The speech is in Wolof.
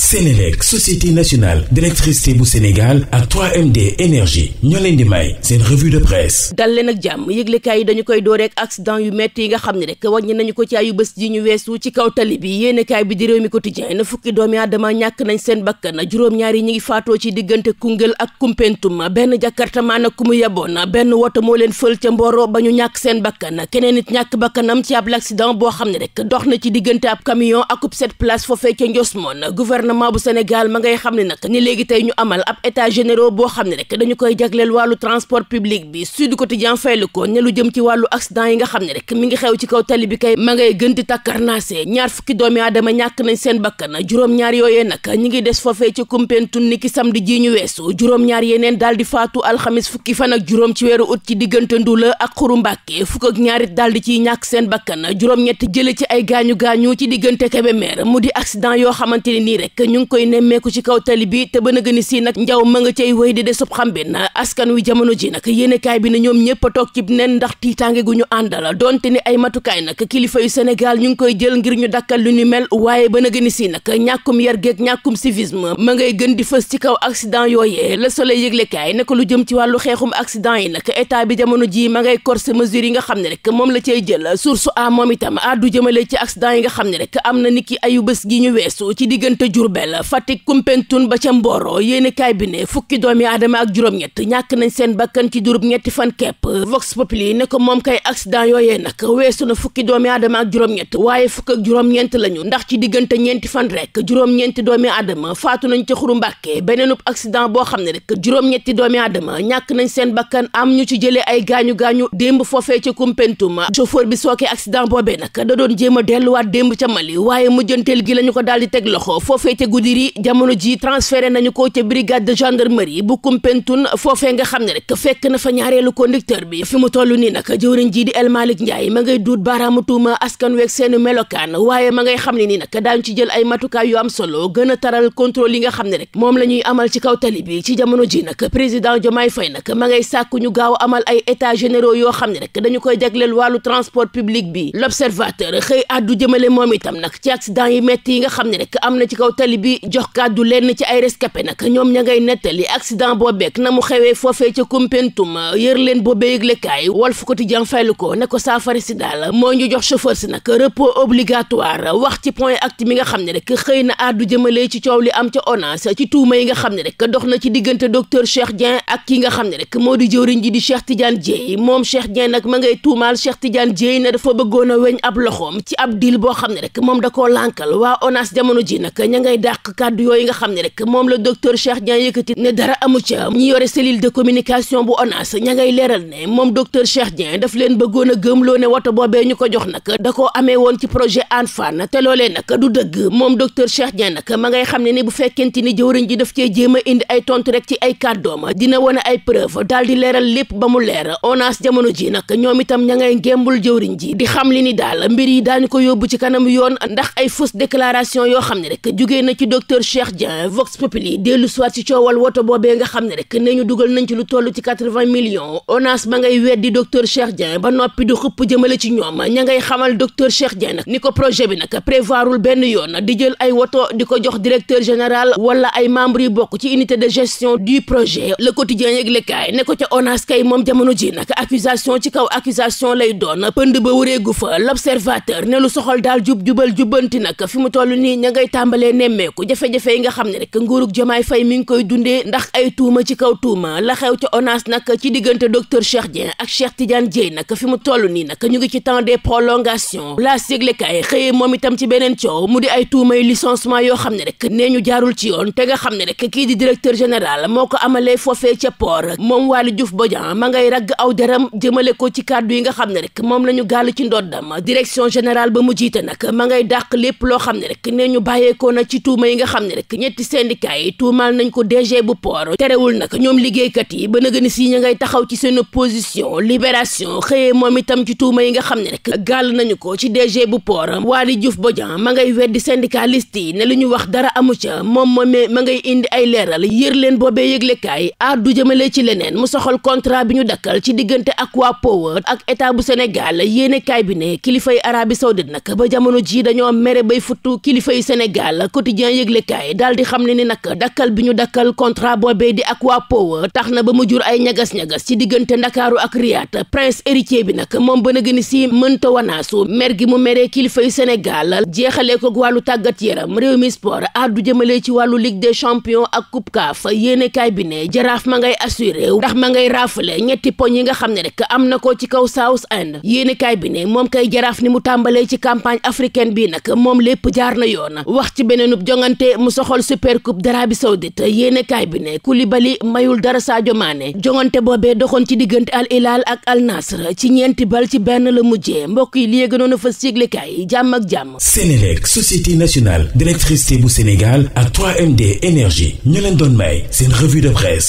Sénélec société nationale d'électricité bu Sénégal ak md énergie ñoo leen di may seen revue de presse dal leen ak jàmm yëglekaay yi dañu koy dooreek accident yu metti yi nga xam ne rek wàññi nañu ko ci ayu bés ji ñu weesu ci kaw tali bi yéenekaay bi di réew mi quotidien na fukki doomi aadama ñàkk nañ seen bakkan juróom-ñaar yi ñu ngi faatoo ci diggante Koungheul ak Koumpentoum benn jakartamaan ak ku mu yeboon benn woto moo leen fël ca Mboro ba ñu ñàkk seen bakkan keneen nit ñàkk bakkanam ci ab l'accident boo xam ne rek dox na ci diggante ab camion akub gouvernement bu Sénégal ma ngay xam ne nag ni léegi tey ñu amal ab état généro boo xam ne rek dañu koy jagleel wàllu transport public bi Sud Quotidien faylu ko ne lu jëm ci wàllu accident yi nga xam ne rek mi ngi xew ci kaw tali bi kay ma ngay gën di takkarnaase ñaar fukki doomi aadama ñàkk nañ seen bakkana juróom-ñaar yooyee nag ñi ngi des foofee ci Koumpentoum ni ki samedi ji ñu weesu juróom-ñaar yeneen daal di faatu alxamis fukki fan ak juróom ci weeru ut ci diggante Ndula ak Xuru Mbàkke fukk ak ñaarit daal di ciy ñàkk seen bakkan juróom jële ci ay gaañu gaañu ci diggante Kébémer mu di accident yoo xamante ne nii rek rek ñu ngi koy nemmeeku ci kaw tali bi te ba na gëni si nag njaw ma nga cay wéy di de xam bin askan wi jamono ji nag yéenekaay bi ne ñoom ñëpp a ci nen ndax tiitaange gu ñu àndal donte ni ay matukaay nag kilifa yu Sénégal ñu ngi koy jël ngir ñu dakkal lu ñu mel waaye ba na gëni si nag ñàkkum yar geeg ñàkkum civisme ma ngay gën di fës ci kaw accident yooyee la Soleil yëglekaay ne ko lu jëm ci wàllu xeexum accident yi nag état bi jamono ji ma ngay corse mesures yi nga xam ne rek moom la cay jël source a moom itam addu jëmale ci accident yi nga xam ne rek am na ki ayu bës gi ñu weesu ci diggante Diourbel Fatick Koumpentoum ba ca Mboro yéeni kaay bi ne fukki doomi aadama ak juróom-ñett ñàkk nañ seen bakkan ci durub ñetti fan kepp Vox Populi ne ko moom kay accident weesu na fukki doomi aadama ak juróom-ñett waaye fukk ak juróom-ñeent lañu ndax ci diggante ñeenti fan rek juróom-ñeenti doomi aadama faatu nañ ca xuru Mbàkke beneenub accident boo xam ne rek juróom-ñetti doomi aadama ñàkk nañ seen bakkan am ñu ci jëlee ay gaañu-gaañu démb foofee ca Koumpentoum chauffeur bi sookee accident boobee nag da doon jéem a delluwaat démb ca Mali waaye mujjanteel gi lañu ko daal di teg loxo foofe féete Goudiry jamono ji transféré nañu ko ca brigade bu Koumpentoun foofee nga xam ne rek fekk na fa ñaareelu conducteur bi fi mu toll nii nag jëwriñ ji di El Malick Ndiaye ma ngay duut baaraamu tuuma askan waaye ma ngay xam ne nii nag daañu ci jël ay matukaay yoo am solo gën a taral contrôle yi nga xam ne rek moom la ñuy amal ci kaw tali bi ci jamono ji nag président Diomaye Faye nag ma ngay sàkku ñu gaaw amal ay états généraux yoo xam ne rek dañu koy jagleel wàllu transport public bi l'observateur xëy àddu jëmale moom itam nag ci accident yi metti yi nga xam ne rek am na ci kaw tali bi jox kàddu lenn ci ay rescapé nag ñoom ña ngay nettali accident boobeek na mu xewee foofee ca Koumpentoum yër leen boobee yëglekaay Walf Quotidien faylu ko ne ko saafara si daal moo ñu jox chauffeur si nag repos obligatoire wax ci point ak mi nga xam ne rek xëy na àddu jëmale ci coow li am ca ONAS ci tuuma yi nga xam ne rek dox na ci diggante docteur Cheikh Dieng ak ki nga xam ne rek moo di jëwriñ ji di Cheikh Tidiane Dieye moom Cheikh Dieng nag ma ngay tuumaal Cheikh Tidiane Dieye ne dafa bëggoon a weñ ab loxoom ci ab dil boo xam ne rek ngay dàq kàddu yooyu nga xam ne rek moom la docteur Cheikh Dieng yëkkati ne dara amu ñi yore cellule de communication bu ONAS ña leeral ne moom docteur Cheikh Dieng daf leen a gëmloo ne woto boobee amee woon ci projet Hann Fann te loolee du dëgg moom docteur Cheikh Dieng nag ma ngay xam ne ni bu fekkente ni jëwriñ ji daf cee jéem a indi ay tontu rek ci ay kàddoom dina wane ay preuve daal di leeral lépp ba mu leer ONAS jamono ji nag ñoom itam ña ngay ngémbul jëwriñ ji di xam li ni daal mbir yi daañu ko yóbbu ci kanam yoon ndax xëy na ci docteur Cheikh Dieng Vox Populi dellu soit ci coowal woto boobee nga xam ne rek ne ñu dugal nañ ci lu toll ci quatre-vingts millions ONAS ba ngay weddi docteur Cheikh Dieng ba noppi du xëpp jëmale ci ñoom ña ngay xamal docteur Cheikh Dieng nag ni ko projet bi nag prévoirul benn yoon di jël ay woto di ko jox directeur général wala ay membres yu bokk ci unité de gestion du projet le quotidien yëglekaay ne ko ca ONAS kay moom jamono ji nag accusation ci kaw accusation lay doon pënd ba wëreegu fa l'observateur ne lu soxal daal jub jubal jubbanti nag nemmeeku jafe-jafe yi nga xam ne rek nguurug jomaay fay mi ngi koy dundee ndax ay tuuma ci kaw tuuma la xew ca ONAS nag ci diggante docteur Cheikh Dieng ak Cheikh Tidiane Dièye nag fi mu toll nii nag ñu ngi ci temps des prolongations la yëglekaay xëyee moom itam ci beneen coow mu di ay tuumay licenciement yoo xam ne rek nee ñu jaarul ci yoon te nga xam ne rek kii di directeur général moo ko amalee foofee ca port moom Waly Diouf Bodian ma ngay ragg aw deram jëmale ko ci kàddu yi nga xam ne rek moom la ñu gàll ci ndoddam direction générale ba mu jiite nag ma ngay ci tuuma yi nga xam ne rek ñetti syndicat yi tuumaal nañ ko DG bu port terewul nag ñoom liggéeykat yi ba naga ni si ña ngay taxaw ci seen opposition libération xëyee moom itam ci tuuma yi nga xam ne rek gàll nañu ko ci DG bu port Waly Diouf Bodian ma ngay weddi syndicaliste yi ne lu ñu wax dara amu ca moom moomee ma ngay indi ay leeral yër leen boobee yëglekaay addu jëmale ci leneen mu soxal contrat bi ñu dakkal ci diggante Aqua Power ak état bu Sénégal yéene kaay bi ne kilifay Arabie Saoudite nag ba jamono ji dañoo mere bay futtu kilifay Sénégal côté quotidien yëglekaay daal di xam ne ni nag dakkal bi ñu dakkal contrat boobee di ba mu jur ay ñagas-ñagas ci diggante ndakaaru ak Riyad prince héritier bi nag moom a gën si ko wàllu tàggat yaram réew mi sport addu jëmalee ci wàllu ligue des champions ak coupe CAF yéenekaay bi ne jaraaf ma ngay assuré ndax ma ngay raafale ñetti poñ yi nga xam ne rek am na ko ci kaw South End yéenekaay bi ne moom kay jaraaf ni mu tàmbalee ci campagne africaine bi nag moom lépp jaar na yoon wax ci beneen benub jongante mu soxol super coupe d'Arabie saoudite yéene kaay bi ne bali mayul dara Sadio Mané jongante boobee doxoon ci diggante Al Hilal ak Al Nasr ci ñeenti bal ci benn la mujjee mbokk yi li gënoon a fa yéglekaay jàmm ak jàmm Sénélec société nationale d'électricité bu Sénégal ak md énergie ñu leen doon may seen revue de presse